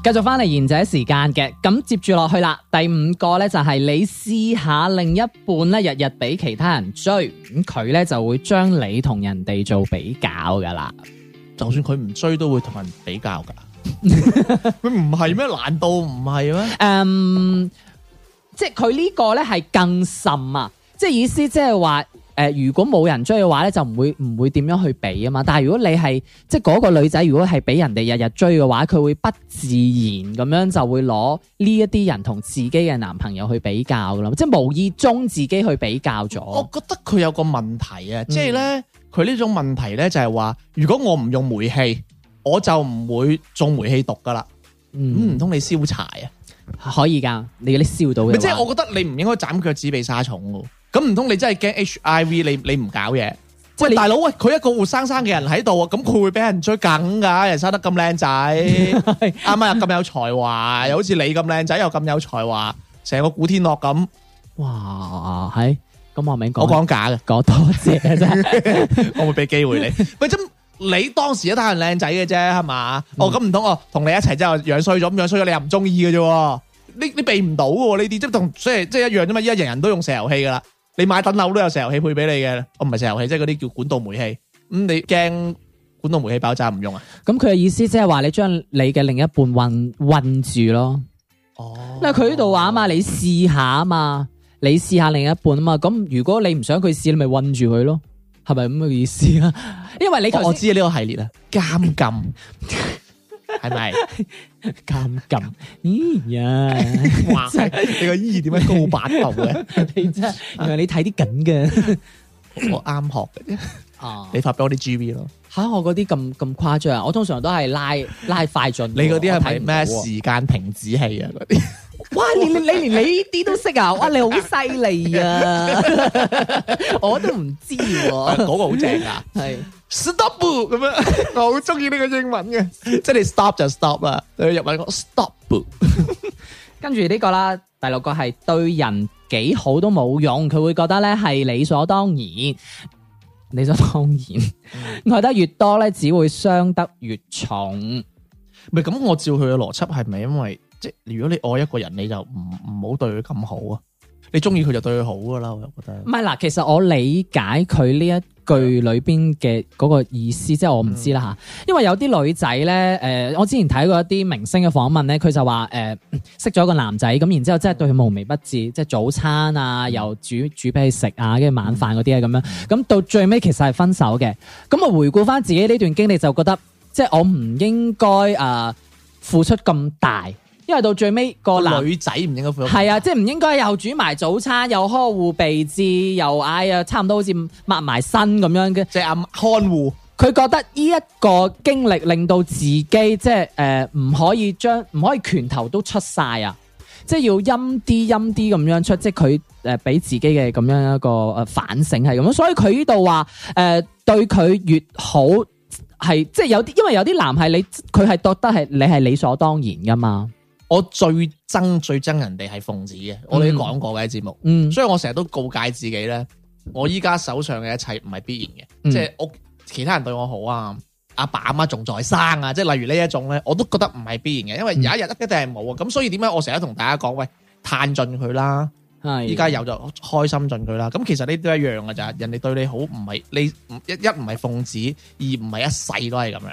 繼續翻嚟，賢者時間嘅咁接住落去啦。第五個咧就係你試下另一半咧，日日俾其他人追，咁佢咧就會將你同人哋做比較噶啦。就算佢唔追，都會同人比較噶。佢唔係咩？難道唔係咩？誒、um，即係佢呢個咧係更甚啊！即係意思即係話。誒、呃，如果冇人追嘅話咧，就唔會唔會點樣去比啊嘛。但係如果你係即係嗰個女仔，如果係俾人哋日日追嘅話，佢會不自然咁樣就會攞呢一啲人同自己嘅男朋友去比較噶啦，即係無意中自己去比較咗。我覺得佢有個問題啊，即係咧佢呢種問題咧就係話，如果我唔用煤氣，我就唔會中煤氣毒噶啦。唔通、嗯、你燒柴啊？可以噶，你嗰啲燒到嘅。即係我覺得你唔應該斬腳趾避沙蟲。咁唔通你真係驚 HIV？你你唔搞嘢？喂，大佬是喂，佢一個活生生嘅人喺度啊！咁佢會俾人追梗噶？人生得咁靚仔，啱啱、 啊、又咁有才華，又好似你咁靚仔又咁有才華，成個古天樂咁，哇！係咁話明講，我講假嘅，講 多謝次真 我機會俾機會你。喂，咁你當時都睇人靚仔嘅啫，係嘛、嗯 oh, 喔？哦，咁唔通哦，同你一齊之後樣衰咗，咁樣衰咗你又唔中意嘅啫？呢你避唔到嘅呢啲，即係同即係即係一樣啫嘛！依家人人都用石油氣噶啦。你買等樓都有石油氣配俾你嘅，我唔係石油氣，即係嗰啲叫管道煤氣。咁、嗯、你驚管道煤氣爆炸唔用啊？咁佢嘅意思即係話你將你嘅另一半困困住咯。哦，嗱，佢呢度話啊嘛，你試下啊嘛，你試下另一半啊嘛。咁如果你唔想佢試，你咪困住佢咯，係咪咁嘅意思啊？ 因為你我知呢個系列啊，監禁。 係咪監禁？咦呀！哇，你個意義點樣高八度嘅？ 你真係原來你睇啲緊嘅，我啱學嘅啊！ 你發俾我啲 G V 咯。嚇、啊、我嗰啲咁咁誇張，我通常都係拉拉快進。你嗰啲係咪咩時間停止器啊？嗰啲哇，你 你你連呢啲都識啊！哇，你好犀利啊！ 我都唔知喎，嗰個好正啊，係、啊、是 stop 咁樣，我好中意呢個英文嘅， 即係你 stop 就 stop 啦，你入嚟講 stop， 跟住呢個啦，第六個係對人幾好都冇用，佢會覺得咧係理所當然。你就當然，嗯、愛得越多咧，只會傷得越重。係咁，我照佢嘅邏輯，係咪因為即係如果你愛一個人，你就唔唔好對佢咁好啊？你中意佢就對佢好噶啦，我又覺得。唔係嗱，其實我理解佢呢一。句裏邊嘅嗰個意思，即係我唔知啦吓，嗯，因為有啲女仔咧，誒，我之前睇過一啲明星嘅訪問咧，佢就話，誒，識咗一個男仔，咁然之後即係對佢無微不至，即係早餐啊，又煮煮俾佢食啊，跟住晚飯嗰啲啊咁樣，咁到最尾其實係分手嘅，咁啊回顧翻自己呢段經歷，就覺得即係我唔應該誒付出咁大。因為到最尾個男女仔唔應該係啊，即係唔應該又煮埋早餐，又呵護鼻子，又哎呀，差唔多好似抹埋身咁樣嘅。即係啊，看護佢覺得呢一個經歷令到自己即係誒唔可以將唔可以拳頭都出晒啊，即係要陰啲陰啲咁樣出，即係佢誒俾自己嘅咁樣一個誒反省係咁，所以佢呢度話誒對佢越好係，即係有啲因為有啲男係你佢係覺得係你係理所當然噶嘛。我最憎最憎人哋係奉旨嘅，嗯、我哋都講過嘅啲節目，嗯、所以我，我成日都告誡自己咧，我依家手上嘅一切唔係必然嘅，嗯、即係我其他人對我好啊，阿爸阿媽仲在生啊，即係例如呢一種咧，我都覺得唔係必然嘅，因為有一日一定係冇啊，咁、嗯、所以點解我成日同大家講，喂，嘆盡佢啦，依家有就開心盡佢啦，咁其實呢都一樣嘅咋，人哋對你好唔係你一一唔係奉旨，二唔係一世都係咁樣。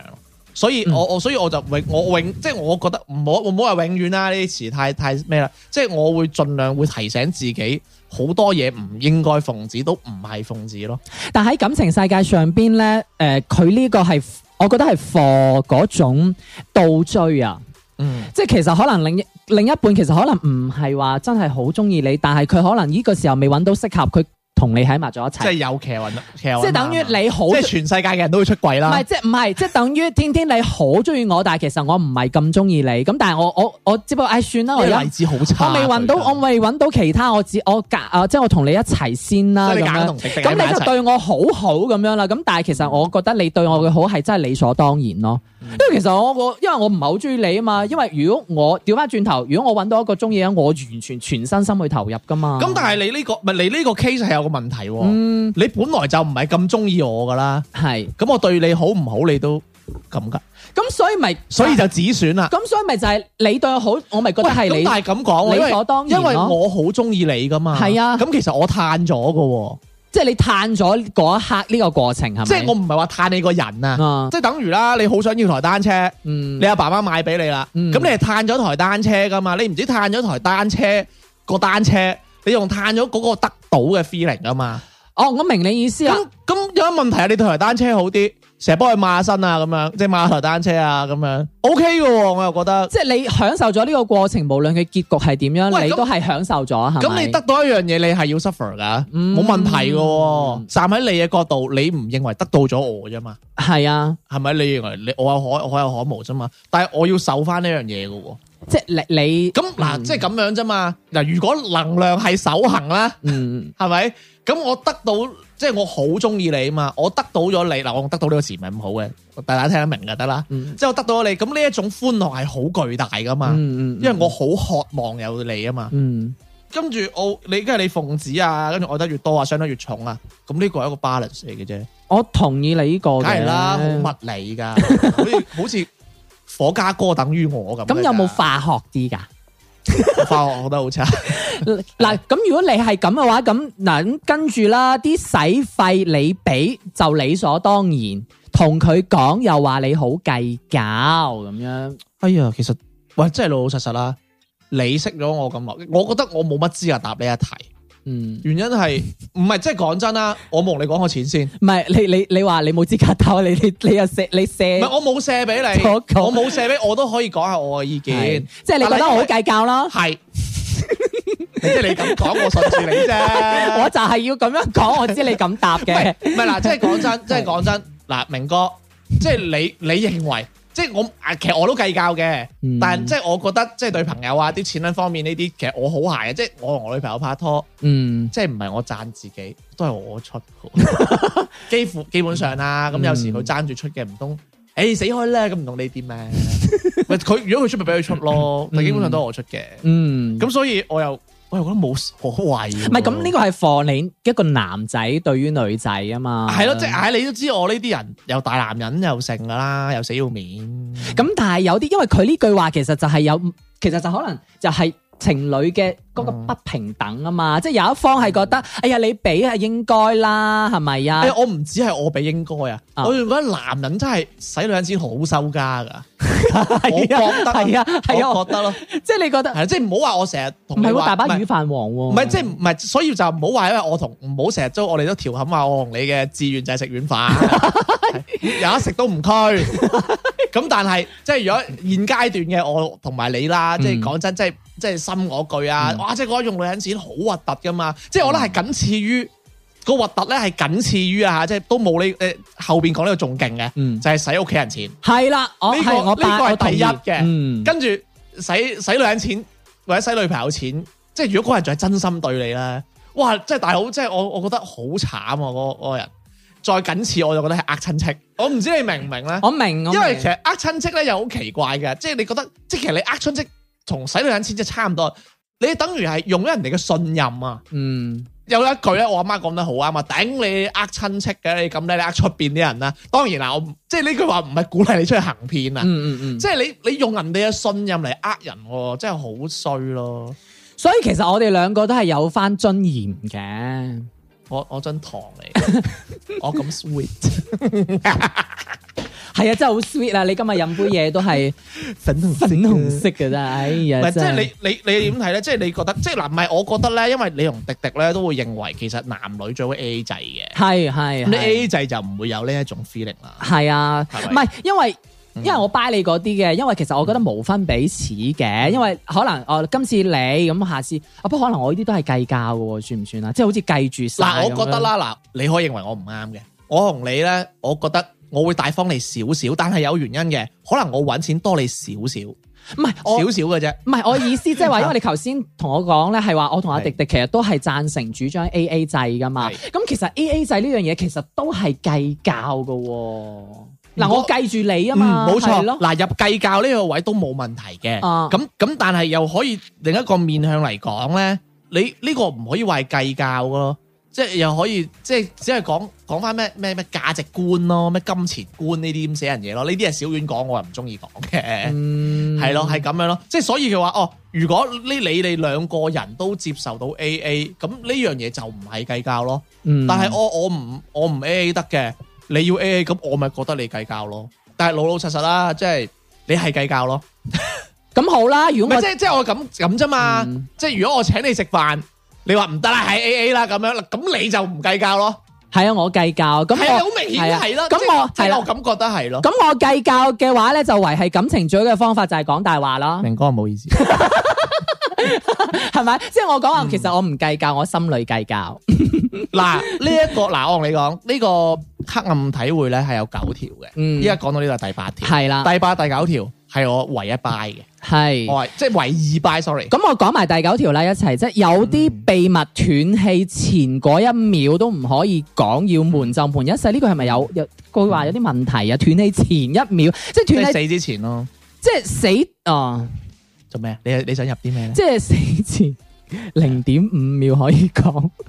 所以我我所以我就永我永即係、就是、我覺得唔好唔好話永遠啦呢啲詞太太咩啦，即係、就是、我會盡量會提醒自己好多嘢唔應該奉旨都唔係奉旨咯。但喺感情世界上邊咧，誒、呃，佢呢個係我覺得係貨嗰種倒追啊，嗯，即係其實可能另一另一半其實可能唔係話真係好中意你，但係佢可能呢個時候未揾到適合佢。同你喺埋咗一齊，即係有奇運，騎運即係等於你好，即係全世界嘅人都會出軌啦。唔係，即係唔係，即係等於天天你好中意我，但係其實我唔係咁中意你。咁但係我我我只不過，哎，算啦，我我未揾到，我未揾到，我未揾到其他，我只我夾啊，即係我同你一齊先啦。咁你夾同直直，咁你其實對我好好咁樣啦。咁但係其實我覺得你對我嘅好係真係理所當然咯。因為、嗯、其實我我，因為我唔係好中意你啊嘛。因為如果我調翻轉頭，如果我揾到一個中意嘅人，我完全全身心去投入噶嘛。咁、嗯、但係你呢、這個咪你呢個 case 係有。問題，嗯，你本來就唔係咁中意我噶啦，係，咁我對你好唔好，你都咁噶，咁所以咪，所以就止損啦，咁所以咪就係你對我好，我咪覺得係，你但係咁講，因為我好中意你噶嘛，係啊，咁其實我嘆咗噶，即係你嘆咗嗰一刻呢個過程係咪，即係我唔係話嘆你個人啊，即係等於啦，你好想要台單車，嗯，你阿爸阿媽買俾你啦，咁你係嘆咗台單車噶嘛，你唔知嘆咗台單車，個單車。.你用嘆咗嗰個得到嘅 feeling 啊嘛，哦，我明你意思啦。咁咁有乜問題啊？你台單車好啲，成日幫佢抹下身啊，咁樣即係抹台單車啊，咁樣 O K 噶，我又覺得，即係你享受咗呢個過程，無論佢結局係點樣，你都係享受咗。咁你得到一樣嘢，你係要 suffer 噶，冇問題噶。站喺你嘅角度，你唔認為得到咗我啫嘛？係啊，係咪你認為你我可我有可無啫嘛？但係我要受翻呢樣嘢噶。即係你咁嗱，即係咁樣啫嘛嗱，如果能量係守恆啦，嗯，係咪咁我得到即係、就是、我好中意你啊嘛，我得到咗你嗱，我得到呢個詞唔係咁好嘅，大家聽得明就得啦。嗯、即係我得到咗你，咁呢一種歡樂係好巨大噶嘛，嗯嗯、因為我好渴望有你啊嘛，嗯，跟住我你即係你奉旨啊，跟住愛得越多啊，傷得越重啊，咁呢個係一個 balance 嚟嘅啫。我同意你呢個，梗係啦，好物理噶，好似好似。火加哥等於我咁，咁有冇化學啲噶？化學學得好差。嗱，咁如果你係咁嘅話，咁嗱跟住啦，啲使費你俾就理所當然，同佢講又話你好計較咁樣。哎呀，其實喂，真係老老實實啦。你識咗我咁話，我覺得我冇乜資格答你一題。嗯，原因係唔係？即係講真啦，我冇同你講過錢先，唔係你你你話你冇資格打我你你你又射你射，唔係我冇射俾你，我我冇射俾，我都可以講下我嘅意見，即係你覺得我好計較啦，係即係你咁講，我順住你啫， 我就係要咁樣講，我知你咁答嘅，唔係嗱，即係講真，即係講真，嗱 明哥，即係你你,你認為。即係我啊，其實我都計較嘅，嗯、但係即係我覺得即係對朋友啊，啲錢方面呢啲，其實我好慳嘅。即係我同我女朋友拍拖，嗯，即係唔係我讚自己，都係我出， 幾乎基本上啦。咁有時佢爭住出嘅唔通，誒、嗯欸、死開咧，咁唔同呢啲咩？佢 如果佢出咪俾佢出咯，嗯嗯、但基本上都係我出嘅。嗯，咁、嗯、所以我又。我覺得冇所謂，唔係咁呢個係放你一個男仔對於女仔啊嘛，係咯，即係唉，你都知我呢啲人又大男人又成噶啦，又死要面。咁但係有啲，因為佢呢句話其實就係有，其實就可能就係。情侶嘅嗰個不平等啊嘛，嗯、即係有一方係覺得，嗯、哎呀你俾係應該啦，係咪啊？我唔止係我俾應該啊，哦、我仲覺得男人真係使女人錢好收家噶，嗯、我覺得係啊，係啊，我覺得咯，啊、即係你覺得係，即係唔好話我成日唔係好大把軟飯王喎、啊，唔係即係唔係，所以就唔好話，因為我同唔好成日都調我哋都調侃話我同你嘅志願就係食軟飯，有一食都唔拘。 咁但係，即係如果現階段嘅我同埋你啦、嗯，即係講真，即係即係心我句啊！哇，即係嗰種用女人錢好核突噶嘛！即係我覺得係僅次於個核突咧，係僅次於啊即係都冇你誒後邊講呢個仲勁嘅，就係使屋企人錢。係啦、嗯，呢、這個呢個係第一嘅，跟住使使女人錢或者使女朋友錢，即係如果嗰個人仲係真心對你啦，哇！即係大佬，即係我我覺得好慘啊，嗰嗰個人。再緊似我就覺得係呃親戚，我唔知你明唔明咧？我明，啊！因為其實呃親戚咧又好奇怪嘅，即係你覺得，即係其實你呃親戚同使女人錢即係差唔多，你等於係用咗人哋嘅信任啊。嗯，有一句咧，我阿媽講得好啱啊，頂你呃親戚嘅，你咁咧你呃出邊啲人啦、啊。當然啦，我即係呢句話唔係鼓勵你出去行騙、嗯嗯、啊。嗯嗯嗯，即係你你用人哋嘅信任嚟呃人，真係好衰咯。所以其實我哋兩個都係有翻尊嚴嘅。我我樽糖嚟，我咁 sweet，係啊，真係好 sweet 啊！你今日飲杯嘢都係粉粉紅色㗎咋，哎呀，即係你你你點睇咧？即係你覺得，即係嗱，唔係我覺得咧，因為你同迪迪咧都會認為，其實男女最好 A A 制嘅，係係， 你 A A 制就唔會有呢一種 feeling 啦，係啊的，唔係吧因為。因為我掰你嗰啲嘅，因為其實我覺得無分彼此嘅，嗯、因為可能哦，今次你咁下次，啊不可能我呢啲都係計較嘅，算唔算啊？即係好似計住嗱，我覺得啦，嗱，你可以認為我唔啱嘅，我同你咧，我覺得我會大方你少少，但係有原因嘅，可能我揾錢多你是我少少，唔係少少嘅啫，唔係我意思即係話， 因為你頭先同我講咧係話，我同阿迪迪其實都係贊成主張 A A 制噶嘛，咁的的其實 A A 制呢樣嘢其實都係計較嘅。嗱，我計住你啊嘛，冇錯、嗯、錯咯。嗱，入計較呢個位都冇問題嘅。咁咁、啊，但係又可以另一個面向嚟講咧，你呢、這個唔可以話係計較咯，即係又可以即係只係講講翻咩咩咩價值觀咯，咩金錢觀呢啲咁死人嘢、嗯、咯。呢啲係小遠講，我又唔中意講嘅，係咯，係咁樣咯。即係所以佢話哦，如果呢你哋兩個人都接受到 A A，咁呢樣嘢就唔係計較咯。嗯、但係我我唔我唔 A A 得嘅。你要 A A 咁，我咪覺得你計較咯。但係老老實實啦，即係你係計較咯。咁、嗯、好啦，如果即係即係我咁咁啫嘛。即係如果我請你食飯，你話唔得啦，係 A A 啦咁樣啦，咁你就唔計較咯。係啊，我計較咁係、嗯、啊，好我明顯係啦。咁、啊、我係、啊、我咁覺得係咯。咁、嗯、我計較嘅話咧，就維繫感情最好嘅方法就係講大話咯。明哥，唔好意思，係咪？ 即係我講話，其實我唔計較，我心裏計較。嗱、 啊，呢、這、一個嗱、啊，我同你講呢、這個。啊黑暗體會咧係有九條嘅，依家講到呢度係第八條，係啦的，第八第九條係我唯一 buy 嘅，係的我即係、就是、唯二 buy sorry s o r r y 咁我講埋第九條啦一齊，即、就、係、是、有啲秘密斷氣前嗰一秒都唔可以講，要瞞就瞞一世呢、這個係咪有有佢話有啲問題啊？嗯、斷氣前一秒，即、就、係、是、斷氣死之前咯，即係死啊！做、哦、咩、嗯？你你想入啲咩咧？即係死前零點五秒可以講。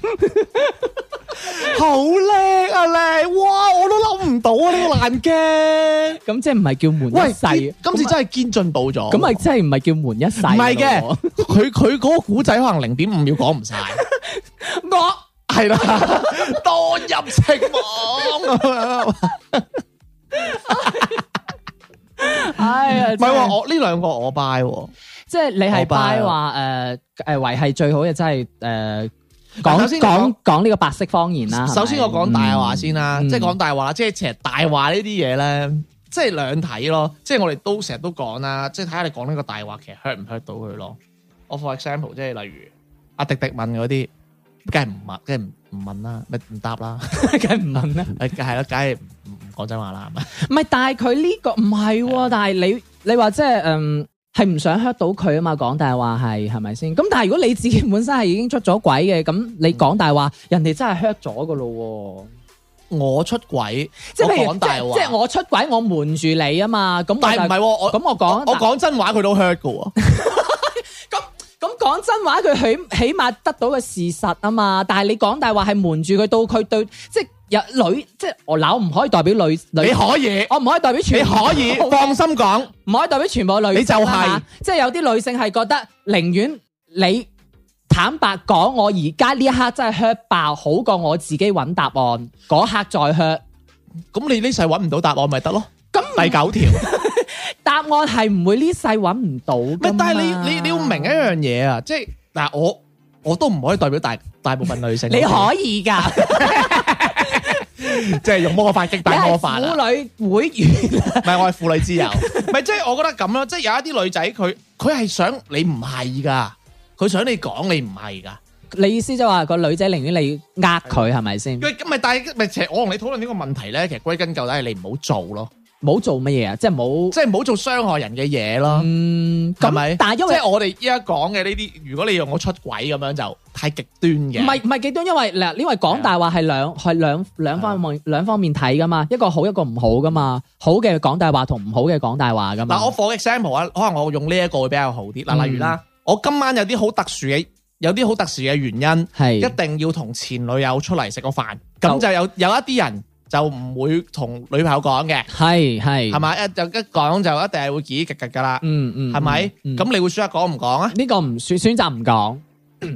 好叻啊！靚哇，我都諗唔到啊！呢個爛鏡，咁即係唔係叫門一世？今次真係堅進步咗，咁咪真係唔係叫門一世？唔係嘅，佢佢嗰個古仔可能零點五秒講唔曬，我係啦，多入情網咁樣。唉，唔係話我呢兩個我拜，即係你係拜話誒誒維繫最好嘅，真係誒。講講講呢個白色謊言啦。首先我講大話先啦，即係講大話，即係其實大話呢啲嘢咧，嗯、即係兩睇咯。即係我哋都成日都講啦，即係睇下你講呢個大話，其實 hurt 唔 hurt 到佢咯。我 for example，即係例如阿迪迪問嗰啲，梗係唔問，梗係唔唔問啦，咪唔答啦，梗係唔問啦。誒，係咯，梗係唔講真話啦，係咪、 這個？唔係、啊，對但係佢呢個唔係，但係你你話即係嗯。係唔想 hurt 到佢啊嘛，講大話係係咪先？咁但係如果你自己本身係已經出咗軌嘅，咁你講大話，嗯、人哋真係 hurt 咗噶咯。我出軌，即係講大話，即係、啊、我出軌我，我瞞住你啊嘛。咁但係唔係，咁我講，我講真話佢都 hurt 噶。咁咁講真話，佢起起碼得到個事實啊嘛。但係你講大話，係瞞住佢到佢對，即係。有女即係我男唔可以代表女，你可以，我唔可以代表全部，你可以放心講，唔可以代表全部女，你就係即係有啲女性係覺得寧願你坦白講，我而家呢一刻真係 hurt 爆，好過我自己揾答案嗰刻再 hurt。咁你呢世揾唔到答案咪得咯？咁第九條答案係唔會呢世揾唔到嘅。但係你你你要明一樣嘢啊，即係嗱，我我都唔可以代表大大部分女性，你可以噶。即係用魔法擊敗魔法啦！婦女會員，唔係我係婦女之友，唔係即係我覺得咁咯，即係有一啲女仔佢佢係想你唔係㗎，佢想你講你唔係㗎，你意思就係話個女仔寧願你呃佢係咪先？咁咪但係咪？其實我同你討論呢個問題咧，其實歸根究底係你唔好做咯。冇做乜嘢啊！即係冇，即係冇做傷害人嘅嘢咯。咁咪，但係因為即係我哋依家講嘅呢啲，如果你用我出軌咁樣，就太極端嘅。唔係唔係極端，因為嗱，呢個講大話係兩係兩兩方面兩方面睇噶嘛，一個好，一個唔好噶嘛。好嘅講大話同唔好嘅講大話噶嘛。嗱，我 for example 啊，可能我用呢一個會比較好啲。嗱，例如啦，我今晚有啲好特殊嘅，有啲好特殊嘅原因，係一定要同前女友出嚟食個飯，咁就有有一啲人。就唔會同女朋友講嘅，係係，係咪一就一講就一定係會嘰嘰吉吉噶啦，嗯吧嗯，係咪？咁你會選擇講唔講啊？呢個唔選選擇唔講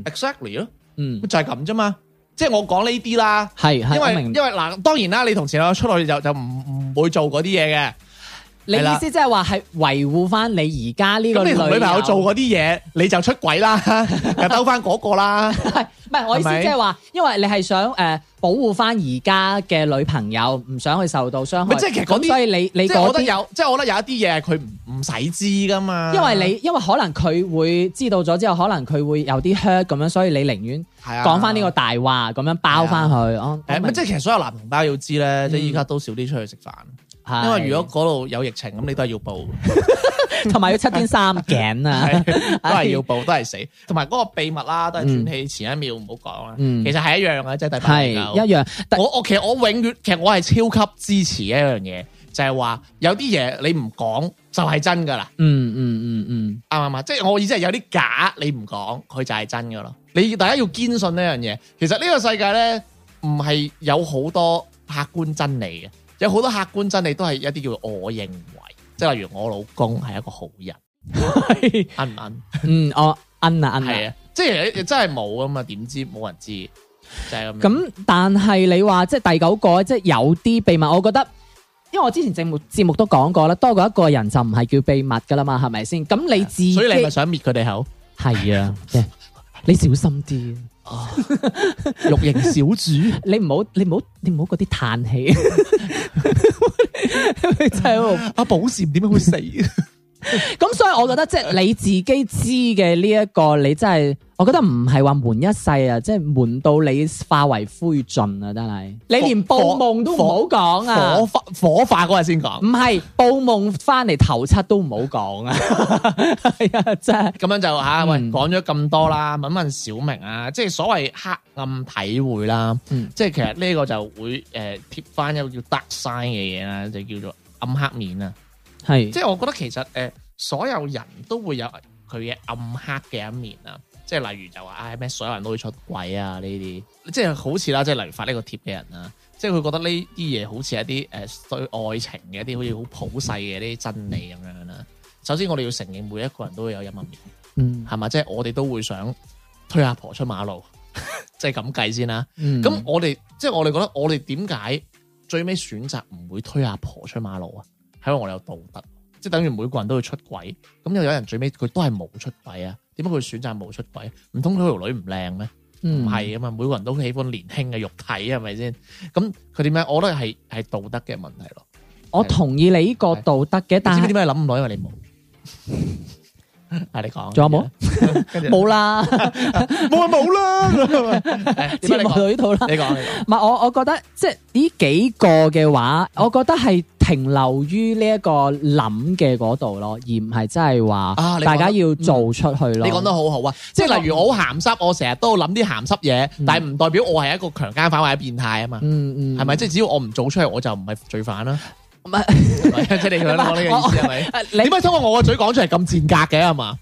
，exactly 咯，嗯，exactly. 嗯就係咁啫嘛。即係我講呢啲啦，係係為，因為因為嗱，當然啦，你同前友出去就就唔唔會做嗰啲嘢嘅。嗯你意思即係話係維護翻你而家呢個女朋友做嗰啲嘢，你就出軌啦，又兜翻嗰個啦。唔係，我意思即係話，因為你係想誒保護翻而家嘅女朋友，唔想去受到傷害。即係其實嗰啲，所以你你嗰即係我覺得有，即係我覺得有一啲嘢佢唔唔使知噶嘛。因為你因為可能佢會知道咗之後，可能佢會有啲 hurt 咁樣，所以你寧願係啊講翻呢個大話咁樣包翻佢。誒，即係其實所有男同胞要知咧，即係依家都少啲出去食飯。因為如果嗰度有疫情，咁你都係要報，同 埋 要七天三檢啊， 都係要報，都係死。同埋嗰個秘密啦、啊，都係轉氣前一秒唔好講啦。其實係一樣嘅，即係第八一樣。我我其實我永遠其實我係超級支持一樣嘢，就係、是、話有啲嘢你唔講就係真噶啦、嗯。嗯嗯嗯嗯，啱唔啱啊？即、就、係、是、我意思係有啲假你唔講，佢就係真噶咯。你，你大家要堅信呢樣嘢，其實呢個世界咧唔係有好多客觀真理嘅。有好多客觀真理，都係一啲叫我認為，即係例如我老公係一個好人，摁唔摁？ 嗯，我摁、嗯、啊摁係、嗯、啊、啊，即係真係冇啊嘛，點知冇人知就係、是、咁。咁 但係你話即係第九個即係有啲秘密，我覺得，因為我之前節目節目都講過啦，多過一個人就唔係叫秘密噶啦嘛，係咪先？咁你自、啊、所以你咪想滅佢哋口？係 啊。 你小心啲，六、啊、型小主，你唔好，你唔好，你唔好嗰啲嘆氣， 就係阿寶士點解會死？ 咁 所以我覺得即係你自己知嘅呢一個，呃、你真係我覺得唔係話瞞一世啊，即係瞞到你化為灰燼啊，真係。火你連報夢都唔好講啊，火火，火，火化嗰日先講。唔係報夢翻嚟頭七都唔好講啊。係 的啊，真係咁樣就吓喂，講咗咁多啦，問一問小明啊，即係所謂黑暗體會啦，即係、嗯、其實呢個就會誒貼翻一個叫 dark side 嘅嘢啦，就叫做暗黑面啊。係，即係我覺得其實誒、呃，所有人都會有佢嘅暗黑嘅一面啊！即係例如就話，唉、哎、咩，所有人都會出軌啊！呢啲即係好似啦，即係例如發呢個貼嘅人啊，即係佢覺得呢啲嘢好似一啲誒對愛情嘅一啲好似好普世嘅呢啲真理咁樣啦。首先，我哋要承認每一個人都會有陰暗一面，嗯，係嘛，即係我哋都會想推阿婆出馬路， 嗯、即係咁計先啦。咁我哋即係我哋覺得我哋點解最尾選擇唔會推阿婆出馬路啊？係因為我哋有道德，即係等於每個人都會出軌，咁又有人最尾佢都係冇出軌啊？點解佢選擇冇出軌？唔通佢條女唔靚咩？唔係啊嘛，每個人都喜歡年輕嘅肉體，係咪先？咁佢點咩？我都係係道德嘅問題咯。我同意你呢個道德嘅，但係點解諗唔到？因為你冇。係你講，仲有冇？冇啦，冇就冇啦。黐定佢呢套啦。你講，唔係我我覺得即係呢幾個嘅話，我覺得係。停留於呢一個諗嘅嗰度咯，而唔係真係話大家要做出去咯。你講得好好啊！即係例如我好鹹濕，我成日都諗啲鹹濕嘢，但係唔代表我係一個強奸犯或者變態啊嘛。嗯嗯，係咪？即係只要我唔做出嚟，我就唔係罪犯啦。咁啊，即係你想講呢個意思係咪？你點解通過我嘅嘴講出嚟咁賤格嘅係嘛？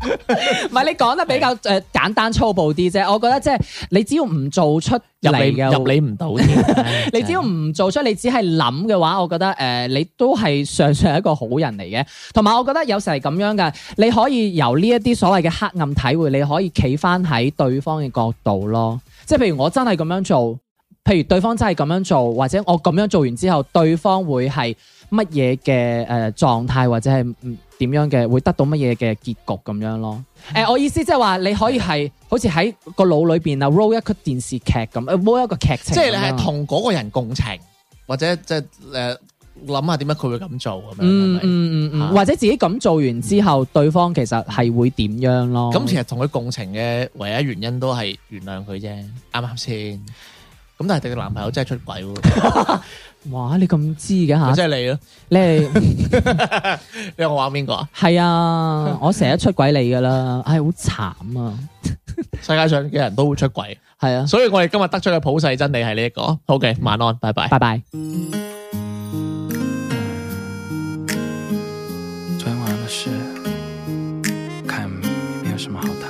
唔係 是 你講得比較誒簡單粗暴啲啫，我覺得即係你只要唔做出嚟嘅，入你唔到 你只要唔做出，你只係諗嘅話，我覺得誒、呃、你都係尚算係一個好人嚟嘅。同埋我覺得有時係咁樣噶，你可以由呢一啲所謂嘅黑暗體會，你可以企翻喺對方嘅角度咯。即係譬如我真係咁樣做，譬如對方真係咁樣做，或者我咁樣做完之後，對方會係。乜嘢嘅誒狀態或者係點樣嘅會得到乜嘢嘅結局咁樣咯？誒、mm hmm. 呃，我意思即係話你可以係的好似喺個腦裏邊啊 roll 一曲電視劇咁，roll 一個劇情。即係你係同嗰個人共情，或者即係誒諗下點解佢會咁做咁樣、嗯嗯？嗯嗯嗯或者自己咁做完之後，嗯、對方其實係會點樣咯？咁其實同佢共情嘅唯一原因都係原諒佢啫，啱唔啱先？咁但係你嘅男朋友真係出軌喎！ 哇，你咁知嘅吓？即係 你咯，你你我話邊個啊？係 啊，我成日出軌你噶啦，唉、哎，好慘啊！ 世界上嘅人都會出軌，係啊，所以我哋今日得出嘅普世真理係呢一個。好、okay, 嘅，bye bye 晚安，拜拜！拜拜，有什拜拜。